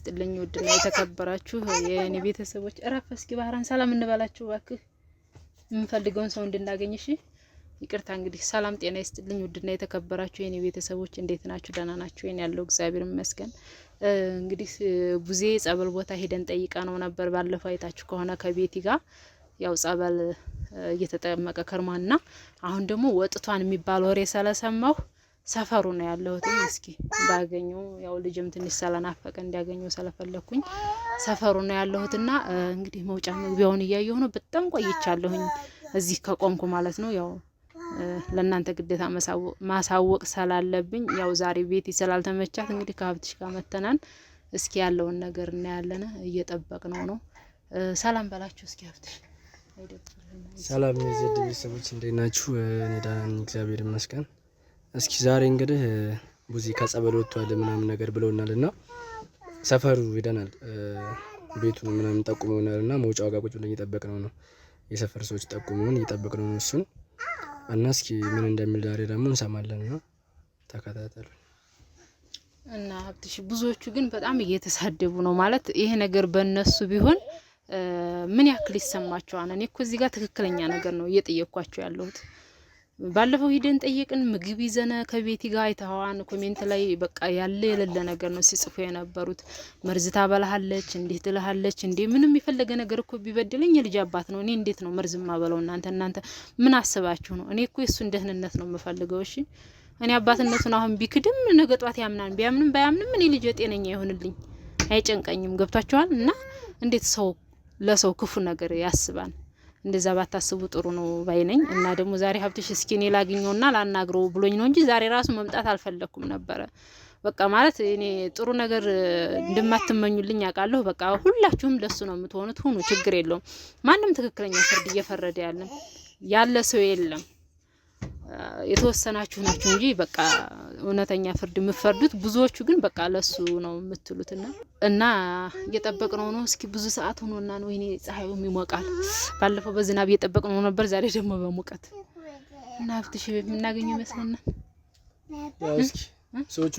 ይስጥልኝ። ውድና የተከበራችሁ የእኔ ቤተሰቦች እረፍ። እስኪ ባህራን ሰላም እንበላችሁ እባክህ፣ የምንፈልገውን ሰው እንድናገኝ እሺ። ይቅርታ እንግዲህ ሰላም ጤና ይስጥልኝ። ውድና የተከበራችሁ የኔ ቤተሰቦች እንዴት ናችሁ? ደህና ናችሁ? እኔ ያለው እግዚአብሔር ይመስገን። እንግዲህ ቡዜ ጸበል ቦታ ሄደን ጠይቃ ነው ነበር ባለፈው አይታችሁ ከሆነ ከቤቲ ጋር ያው ጸበል እየተጠመቀ ከርማና አሁን ደግሞ ወጥቷን የሚባል ወሬ ስለሰማሁ ሰፈሩ ነው ያለሁት። እስኪ ባገኙ ያው ልጅም ትንሽ ስለናፈቀ እንዲያገኙ ስለፈለኩኝ ሰፈሩ ነው ያለሁት እና እንግዲህ መውጫ መግቢያውን እያየሁ ነው። በጣም ቆይቻለሁኝ እዚህ ከቆምኩ ማለት ነው። ያው ለእናንተ ግዴታ ማሳወቅ ስላለብኝ ያው ዛሬ ቤት ስላልተመቻት እንግዲህ ከሀብትሽ ጋር መተናን እስኪ ያለውን ነገር እናያለን። እየጠበቅ ነው ነው ሰላም በላችሁ እስኪ ሀብትሽ። ሰላም የዘድ ቤተሰቦች እንዴት ናችሁ? እኔ ደህና ነኝ፣ እግዚአብሔር ይመስገን። እስኪ ዛሬ እንግዲህ ቡዚ ከጸበል ወጥቷል ምናምን ነገር ብለውናል እና ሰፈሩ ሄደናል። ቤቱ ምናምን ጠቁመውናል እና መውጫ ዋጋ ቁጭ ብለን እየጠበቅነው ነው። የሰፈር ሰዎች ጠቁመውን እየጠበቅነው ነው እሱን እና እስኪ ምን እንደሚል ዛሬ ደግሞ እንሰማለን እና ተከታተሉ። እና ሀብትሽ ብዙዎቹ ግን በጣም እየተሳደቡ ነው ማለት ይሄ ነገር በእነሱ ቢሆን ምን ያክል ይሰማቸዋል? እኔ እኮ እዚህ ጋር ትክክለኛ ነገር ነው እየጠየኳቸው ያለሁት ባለፈው ሂደን ጠየቅን። ምግብ ይዘነ ከቤቲ ጋር አይተኸዋን። ኮሜንት ላይ በቃ ያለ የሌለ ነገር ነው ሲጽፉ የነበሩት። መርዝ ታበላሃለች፣ እንዴት ትልሃለች እንዴ! ምንም የፈለገ ነገር እኮ ቢበድለኝ የልጅ አባት ነው። እኔ እንዴት ነው መርዝ ማበለው? እናንተ እናንተ ምን አስባችሁ ነው? እኔ እኮ የእሱን ደህንነት ነው የምፈልገው። እሺ እኔ አባትነቱን አሁን ቢክድም ነገ ጧት ያምናል። ቢያምንም ባያምንም እኔ ልጅ ጤነኛ ይሆንልኝ አይጨንቀኝም። ገብቷችኋል? እና እንዴት ሰው ለሰው ክፉ ነገር ያስባል? እንደዛ ባታስቡ ጥሩ ነው ባይ ነኝ። እና ደግሞ ዛሬ ሀብትሽ እስኪ እኔ ላግኘውና ላናግረው ብሎኝ ነው እንጂ ዛሬ ራሱ መምጣት አልፈለግኩም ነበረ። በቃ ማለት እኔ ጥሩ ነገር እንደማትመኙልኝ አውቃለሁ። በቃ ሁላችሁም ለሱ ነው የምትሆኑት፣ ሁኑ፣ ችግር የለውም። ማንም ትክክለኛ ፍርድ እየፈረደ ያለ ያለ ሰው የለም። የተወሰናችሁ ናችሁ እንጂ በቃ እውነተኛ ፍርድ የምፈርዱት። ብዙዎቹ ግን በቃ ለሱ ነው የምትሉት ና እና እየጠበቅ ነው ነው እስኪ ብዙ ሰዓት ሆኖና ነው ይኔ ፀሐዩም ይሞቃል። ባለፈው በዝናብ እየጠበቅ ነው ነበር፣ ዛሬ ደግሞ በሙቀት እና ሀብትሽ የምናገኘው ይመስለናል። ሰዎቹ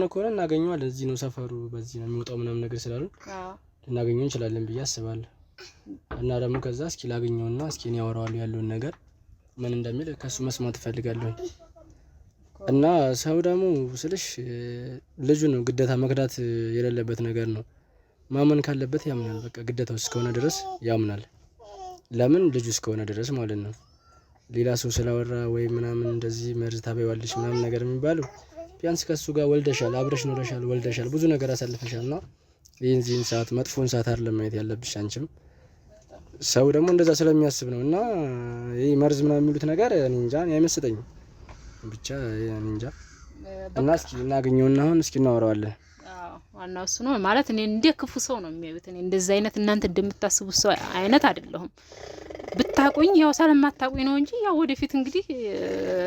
ነው ከሆነ እናገኘዋለን። እዚህ ነው ሰፈሩ፣ በዚህ ነው የሚወጣው ምናምን ነገር ስላሉ ልናገኘው እንችላለን ብዬ አስባለሁ። እና ደግሞ ከዛ እስኪ ላገኘውና እስኪ እኔ ያወራዋለሁ ያለውን ነገር ምን እንደሚል ከእሱ መስማት ትፈልጋለሁ። እና ሰው ደግሞ ስልሽ ልጁ ነው ግዴታ መክዳት የሌለበት ነገር ነው። ማመን ካለበት ያምናል በቃ ግዴታው እስከሆነ ድረስ ያምናል። ለምን ልጁ እስከሆነ ድረስ ማለት ነው። ሌላ ሰው ስላወራ ወይ ምናምን እንደዚህ መርዝ ታበይዋለሽ ምናምን ነገር የሚባለው ቢያንስ ከሱ ጋር ወልደሻል፣ አብረሽ ኖረሻል፣ ወልደሻል፣ ብዙ ነገር አሳልፈሻል ና ይህን ዚህን ሰዓት መጥፎን ሰዓት አይደለም ማየት ያለብሽ አንቺም። ሰው ደግሞ እንደዛ ስለሚያስብ ነው እና ይህ መርዝ ምናምን የሚሉት ነገር እኔ እንጃ አይመስጠኝም። ብቻ እንጃ እና እስኪ እናገኘውና አሁን እስኪ እናወራዋለን። ዋናው እሱ ነው ማለት እኔ እንደ ክፉ ሰው ነው የሚያዩት። እኔ እንደዚህ አይነት እናንተ እንደምታስቡት ሰው አይነት አይደለሁም። ብታቁኝ ያው ሳለማታቁኝ ነው እንጂ ያው ወደፊት እንግዲህ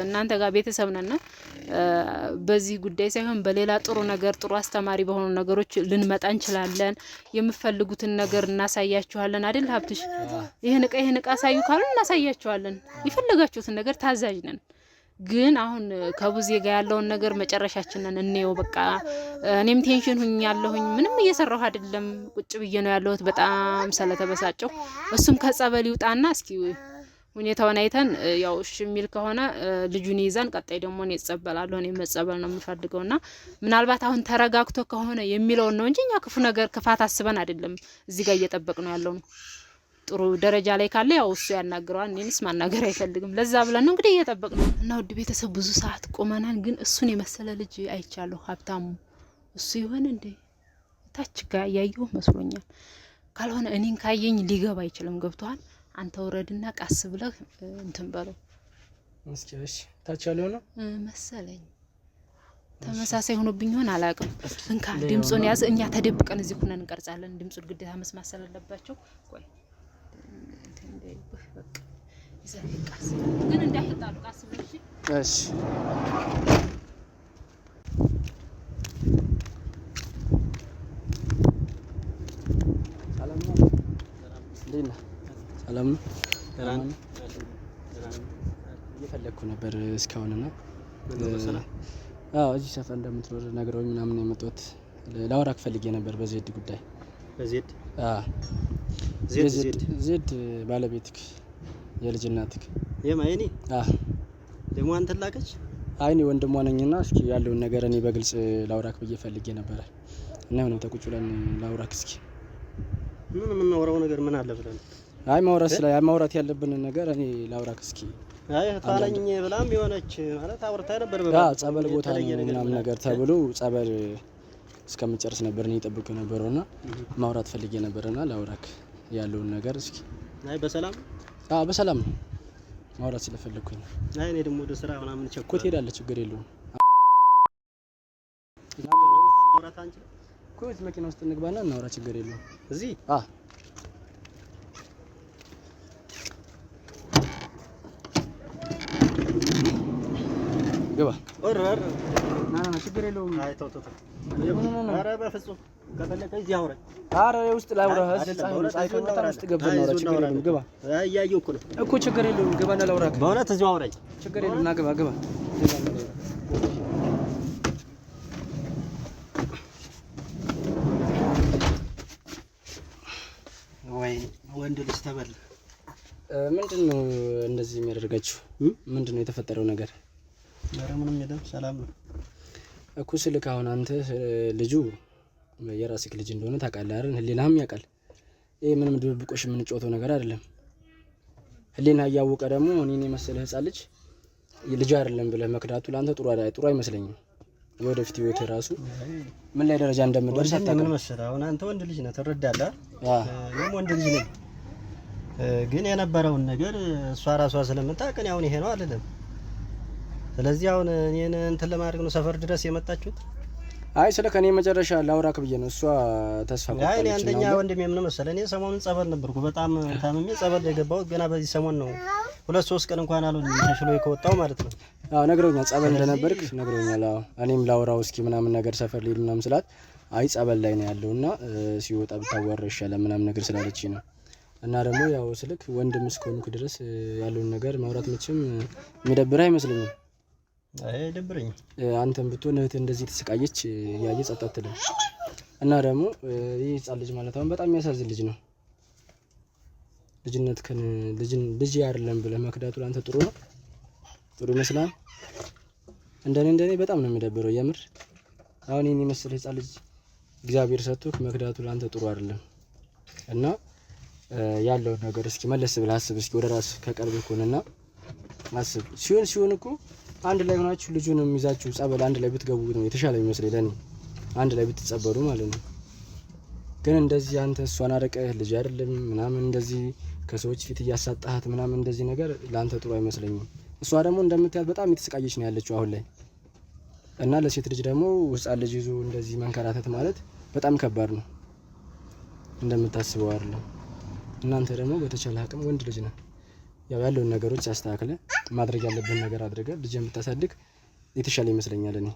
እናንተ ጋር ቤተሰብ ነና በዚህ ጉዳይ ሳይሆን በሌላ ጥሩ ነገር ጥሩ አስተማሪ በሆኑ ነገሮች ልንመጣ እንችላለን። የምፈልጉትን ነገር እናሳያችኋለን አይደል? ሀብትሽ ይህን እቃ ይህን እቃ አሳዩ ካሉ እናሳያችኋለን። የፈለጋችሁትን ነገር ታዛዥ ነን። ግን አሁን ከቡዜ ጋር ያለውን ነገር መጨረሻችንን እንየው። በቃ እኔም ቴንሽን ሁኝ ያለሁኝ ምንም እየሰራሁ አይደለም፣ ቁጭ ብዬ ነው ያለሁት በጣም ስለተበሳጨሁ። እሱም ከጸበል ይውጣና እስኪ ሁኔታውን አይተን ያው እሺ የሚል ከሆነ ልጁን ይዛን ቀጣይ ደግሞ እኔ እጸበላለሁ። እኔ መጸበል ነው የምፈልገው እና ምናልባት አሁን ተረጋግቶ ከሆነ የሚለውን ነው እንጂ እኛ ክፉ ነገር ክፋት አስበን አይደለም እዚህ ጋር እየጠበቅ ነው ያለው ነው ጥሩ ደረጃ ላይ ካለ ያው እሱ ያናግረዋል። እኔንስ ማናገር አይፈልግም። ለዛ ብለን ነው እንግዲህ እየጠበቅ ነው እና ውድ ቤተሰብ ብዙ ሰዓት ቆመናል፣ ግን እሱን የመሰለ ልጅ አይቻለሁ። ሀብታሙ እሱ ይሆን እንዴ? ታች ጋር እያየሁ መስሎኛል። ካልሆነ እኔን ካየኝ ሊገባ አይችልም። ገብቷል። አንተ ውረድና ቃስ ብለህ እንትን በለው መስኪሽ ታች ያለው ነው መሰለኝ ተመሳሳይ ሆኖብኝ ይሆን አላውቅም። እንካ ድምፁን ያዝ። እኛ ተደብቀን እዚህ ሁነን እንቀርጻለን። ድምፁን ግዴታ መስማት ስላለባቸው ቆይ ሰላም ነው። እየፈለግኩ ነበር እስካሁን እና እዚህ ሰፈር እንደምትኖር ነግረውኝ ምናምን የመጡት ላወራክ ፈልጌ ነበር በዜድ ጉዳይ ዜድ ባለቤትክ የልጅ እናትክ የማይኔ ደግሞ አንተን ላከች። አይኔ ወንድሟ ነኝና እስኪ ያለውን ነገር እኔ በግልጽ ላውራክ ብዬ ፈልጌ ነበረ እና የሆነ ተቁጭ ብለን ላውራክ እስኪ ምን የምናወራው ነገር ምን አለ ብለን አይ ማውራት ስለ አይ ማውራት ያለብን ነገር እኔ ላውራክ እስኪ አይ ታላኝ ብላም የሆነች ማለት አውርታ ነበር በቃ ጸበል ቦታ ነው ምናምን ነገር ተብሎ ጸበል እስከምጨርስ ነበር እኔ እጠብቅ ነበረውና ማውራት ፈልጌ ነበርና ላውራክ ያለውን ነገር እስኪ አይ በሰላም አ በሰላም ነው ማውራት ስለፈለኩኝ አይ እኔ ደግሞ ወደ ስራ ምናምን ቸኮት ሄዳለች ችግር የለውም ኮት መኪና ውስጥ እንግባና እናውራ ችግር የለውም እዚህ አዎ ግባ ኧረ ኧረ ችግር የለውም አይ ተው ተው ኧረ በፍጹም ውስጥ ችግር የለውም ግባ። እያየሁ እኮ ወንድ ልጅ ተበል። ምንድን ነው እንደዚህ የሚያደርጋችሁ? ምንድን ነው የተፈጠረው ነገር? ምንም የለም ሰላም ነው እኮ ስልክ። አሁን አንተ ልጁ የራስህ ልጅ እንደሆነ ታውቃለህ አይደል? ህሊናህም ያውቃል። ይሄ ምንም ድብብቆሽ የምንጫወተው ነገር አይደለም። ህሊና እያወቀ ደግሞ እኔን የመሰለ ህፃን ልጅ ልጅ አይደለም ብለህ መክዳቱ ለአንተ ጥሩ ጥሩ አይመስለኝም። የወደፊት ህይወት ራሱ ምን ላይ ደረጃ እንደምደርስ ምን መሰለህ፣ አሁን አንተ ወንድ ልጅ ነህ ትረዳለህ። እኔም ወንድ ልጅ ነኝ፣ ግን የነበረውን ነገር እሷ ራሷ ስለምታውቅ እኔ አሁን ይሄ ነው አልልም። ስለዚህ አሁን እኔን እንትን ለማድረግ ነው ሰፈር ድረስ የመጣችሁት። አይ ስለ ከኔ መጨረሻ ላውራክ ብዬ ነው። እሷ ተስፋ ቆጣለች። አይ አንደኛ ወንድሜ ምን መሰለ፣ እኔ ሰሞኑን ጸበል ነበርኩ። በጣም ታምሜ ጸበል የገባሁት ገና በዚህ ሰሞን ነው። ሁለት ሶስት ቀን እንኳን አሉ ተሽሎ ከወጣው ማለት ነው። አዎ ነግረውኛል፣ ጸበል እንደነበርክ ነግረውኛል። አዎ እኔም ላውራው እስኪ ምናምን ነገር ሰፈር ልሂድ ምናምን ስላት አይ ጸበል ላይ ነው ያለውና ሲወጣ ብታዋራ ይሻላል ምናምን ነገር ስላለች ነው። እና ደግሞ ያው ስልክ ወንድም እስከሆንኩ ድረስ ያለውን ነገር ማውራት መቼም የሚደብር አይመስለኝም። ደብረኝ አንተን ብትሆን እህትህ እንደዚህ ተሰቃየች ያየ ጸጥ አትልም። እና ደግሞ ይህ ህፃን ልጅ ማለት አሁን በጣም የሚያሳዝን ልጅ ነው። ልጅነት ከን ልጅን ልጅ አይደለም ብለህ መክዳቱ ለአንተ ጥሩ ነው ጥሩ ይመስላል። እንደኔ እንደኔ በጣም ነው የሚደብረው የምር አሁን ይህን የመሰለ ህፃን ልጅ እግዚአብሔር ሰጥቶህ መክዳቱ ለአንተ ጥሩ አይደለም። እና ያለውን ነገር እስኪ መለስ ብለህ አስብ። እስኪ ወደ ራስህ ከቀልብህ ከሆነና አስብ ሲሆን ሲሆን እኮ አንድ ላይ ሆናችሁ ልጁንም ይዛችሁ ጸበል አንድ ላይ ብትገቡ ነው የተሻለ የሚመስለኝ ለእኔ አንድ ላይ ብትጸበሉ ማለት ነው። ግን እንደዚህ አንተ እሷን አርቀህ ልጅ አይደለም ምናምን እንደዚህ ከሰዎች ፊት እያሳጣሃት ምናምን እንደዚህ ነገር ለአንተ ጥሩ አይመስለኝም። እሷ ደግሞ እንደምታያት በጣም የተሰቃየች ነው ያለችው አሁን ላይ እና ለሴት ልጅ ደግሞ ሕፃን ልጅ ይዞ እንደዚህ መንከራተት ማለት በጣም ከባድ ነው እንደምታስበው አይደለም። እናንተ ደግሞ በተቻለ አቅም ወንድ ልጅ ነህ ያው ያለውን ነገሮች ያስተካክለ ማድረግ ያለብን ነገር አድርገ ልጅ የምታሳድግ የተሻለ ይመስለኛል። እኔ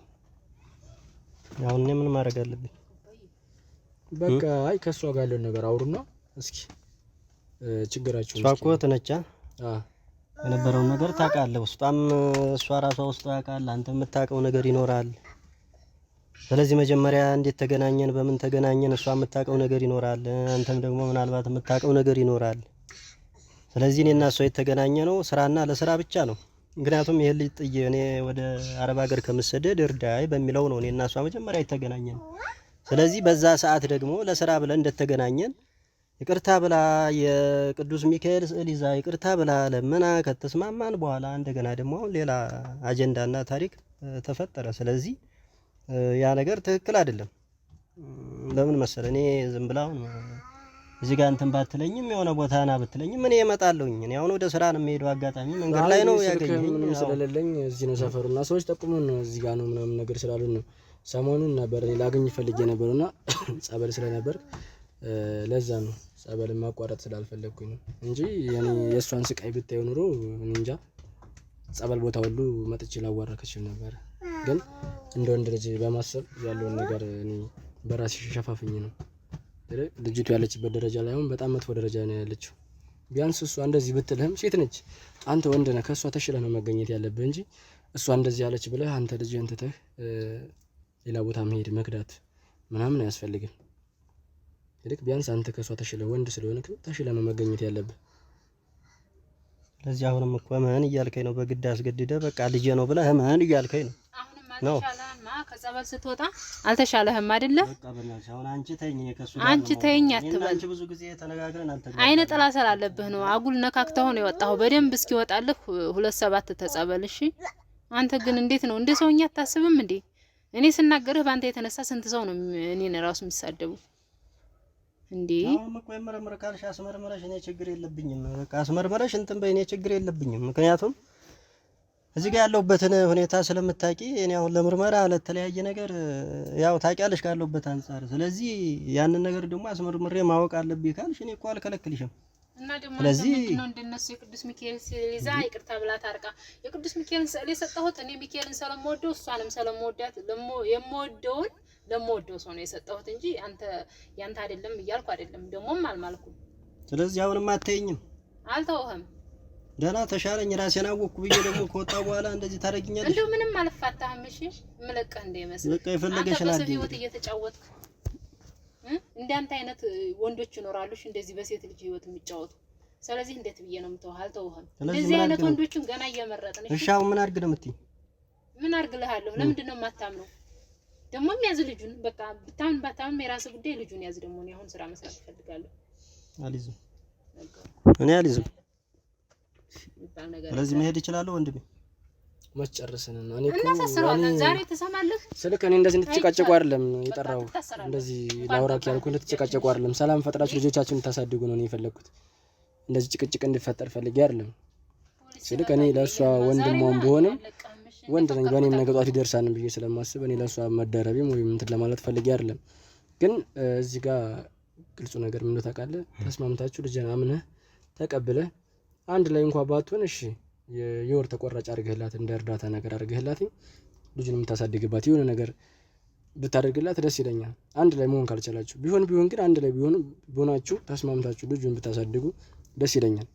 አሁን እኔ ምን ማድረግ አለብኝ? በቃ አይ ከእሷ ጋር ያለውን ነገር አውሩና እስኪ ችግራችሁ እሷ እኮ ትነቻ የነበረውን ነገር ታውቃለህ። ውስጧም እሷ ራሷ ውስጧ ያውቃል። አንተ የምታውቀው ነገር ይኖራል። ስለዚህ መጀመሪያ እንዴት ተገናኘን፣ በምን ተገናኘን፣ እሷ የምታውቀው ነገር ይኖራል። አንተም ደግሞ ምናልባት የምታውቀው ነገር ይኖራል። ስለዚህ እኔ እና እሷ የተገናኘ ነው ስራና ለስራ ብቻ ነው። ምክንያቱም ይሄ ልጅ ጥዬ እኔ ወደ አረብ ሀገር ከምሰደድ እርዳይ በሚለው ነው እኔ እና እሷ መጀመሪያ የተገናኘ ነው። ስለዚህ በዛ ሰዓት ደግሞ ለስራ ብለን እንደተገናኘን ይቅርታ ብላ የቅዱስ ሚካኤል ስዕል ይዛ ይቅርታ ብላ ለምና ከተስማማን በኋላ እንደገና ደግሞ ሌላ አጀንዳና ታሪክ ተፈጠረ። ስለዚህ ያ ነገር ትክክል አይደለም። ለምን መሰለ እኔ ዝም ብላ እዚህ ጋር እንትን ባትለኝም የሆነ ቦታ ና ብትለኝም እኔ እመጣለሁኝ። እኔ አሁን ወደ ስራ ነው የምሄደው፣ አጋጣሚ መንገድ ላይ ነው ያገኘኝ። ምንም ስለሌለኝ እዚህ ነው ሰፈሩና ሰዎች ጠቁሙን እዚህ ጋር ነው ምናምን ነገር ስላሉ ነው። ሰሞኑን ነበር እኔ ላገኝ ፈልጌ ነበርና ጸበል ስለነበር ለዛ ነው ጸበል ማቋረጥ ስላልፈለግኩኝ ነው እንጂ የእሷን ስቃይ ብታዩ ኑሮ እንጃ ጸበል ቦታ ሁሉ መጥቼ ላዋራከችም ነበር። ግን እንደ ወንድ ልጅ በማሰብ ያለውን ነገር እኔ በራሴ ሸፋፍኝ ነው ልጅቱ ያለችበት ደረጃ ላይ አሁን በጣም መጥፎ ደረጃ ነው ያለችው። ቢያንስ እሷ እንደዚህ ብትልህም ሴት ነች፣ አንተ ወንድ ነህ፣ ከእሷ ተሽለህ ነው መገኘት ያለብህ እንጂ እሷ እንደዚህ ያለች ብለህ አንተ ልጅ እንትተህ ሌላ ቦታ መሄድ መክዳት ምናምን አያስፈልግም። ልክ ቢያንስ አንተ ከእሷ ተሽለህ ወንድ ስለሆነ ተሽለህ ነው መገኘት ያለብህ። ስለዚህ አሁንም እኮ ምን እያልከኝ ነው፣ በግድ አስገድደህ በቃ ልጄ ነው ብለህ ምን እያልከኝ ነው ነው። ስትወጣ አልተሻለህም አይደለ? አንቺ ተይኝ አትበል። አይነ ጥላ ስላለብህ ነው። አጉል ነካክተህ ነው የወጣሁ። በደንብ እስኪወጣልህ ሁለት ሰባት ተጸበል። እሺ። አንተ ግን እንዴት ነው እንደ ሰውኛ አታስብም እንዴ? እኔ ስናገርህ በአንተ የተነሳ ስንት ሰው ነው እኔን ራሱ የሚሳደቡ እንዴ? አስመርመረሽ እንትን በይ፣ እኔ ችግር የለብኝም። ምክንያቱም እዚህ ጋር ያለሁበትን ሁኔታ ስለምታውቂ እኔ አሁን ለምርመራ ለተለያየ ነገር ያው ታውቂያለሽ ካለሁበት አንጻር። ስለዚህ ያንን ነገር ደግሞ አስመርምሬ ማወቅ አለብኝ ካልሽ እኔ እኮ አልከለክልሽም። እና ደግሞ ስለዚህ ነው እንደነሱ የቅዱስ ሚካኤል ሊዛ ይቅርታ ብላ ታርቃ የቅዱስ ሚካኤልን ስዕል የሰጠሁት እኔ ሚካኤልን ስለምወደው እሷንም ስለምወዳት የምወደውን ለምወደው ሰው ነው የሰጠሁት እንጂ አንተ ያንተ አይደለም እያልኩ አይደለም። ደግሞም አልማልኩም። ስለዚህ አሁንም አትይኝም፣ አልተውህም ደህና ተሻለኝ ራሴን አወቅኩ ብዬ ደግሞ ከወጣ በኋላ እንደዚህ ታደርጊኛለሽ። እንደው ምንም አልፋታህም። እሺ እንደ ይመስል በቃ የፈለገሽ ናት። አንተ ህይወት እየተጫወትክ እንዳንተ አይነት ወንዶች ይኖራሉ እንደዚህ በሴት ልጅ ህይወት የሚጫወቱ። ስለዚህ እንዴት ብዬ ነው የምተውህ? አልተውህም። እንደዚህ አይነት ወንዶችን ገና እየመረጥን እሺ። አሁን ምን አድርግ ነው የምትይኝ? ምን አድርግልሃለሁ? ለምንድን ነው የማታምነው? ደግሞም ያዝ ልጁን። በቃ ብታምን ባታምን የራስህ ጉዳይ። ልጁን ያዝ ደግሞ። እኔ አሁን ስራ መስራት እፈልጋለሁ። አልይዝም፣ እኔ አልይዝም ስለዚህ መሄድ ይችላል ወንድሜ። መች ጨርስን ነው እኔ እኮ እናሳስረዋለን። ዛሬ ትሰማለህ ስልክ እኔ እንደዚህ እንድትጨቃጨቁ አይደለም የጠራው እንደዚህ ላውራክ ያልኩ እንድትጨቃጨቁ አይደለም። ሰላም ፈጥራችሁ ልጆቻችሁን እንድታሳድጉ ነው እኔ የፈለግኩት። እንደዚህ ጭቅጭቅ እንድፈጠር ፈልጌ አይደለም። ስልክ እኔ ለእሷ ወንድሟም ቢሆንም ወንድ ነኝ በእኔም ነገ ጧት ይደርሳል ብዬ ስለማስብ እኔ ለእሷ መደረቤም ወይም እንትን ለማለት ፈልጌ አይደለም። ግን እዚህ ጋር ግልጹ ነገር ምን ታውቃለህ፣ ተስማምታችሁ ልጅን አምነህ ተቀብለህ አንድ ላይ እንኳ ባትሆን እሺ የወር ተቆራጭ አድርገህላት እንደ እርዳታ ነገር አድርገህላት ልጁን የምታሳድግባት የሆነ ነገር ብታደርግላት ደስ ይለኛል። አንድ ላይ መሆን ካልቻላችሁ ቢሆን ቢሆን ግን አንድ ላይ ቢሆን ሆናችሁ ተስማምታችሁ ልጁን ብታሳድጉ ደስ ይለኛል።